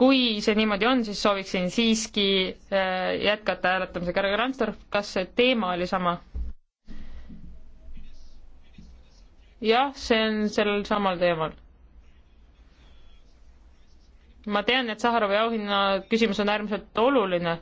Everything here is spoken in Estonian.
kui see niimoodi on, siis sooviksin siiski äh, jätkata hääletamisega. härra Randstorf, kas see teema oli sama? jah, see on sellel samal teemal. ma tean, et Saharovi auhinna küsimus on äärmiselt oluline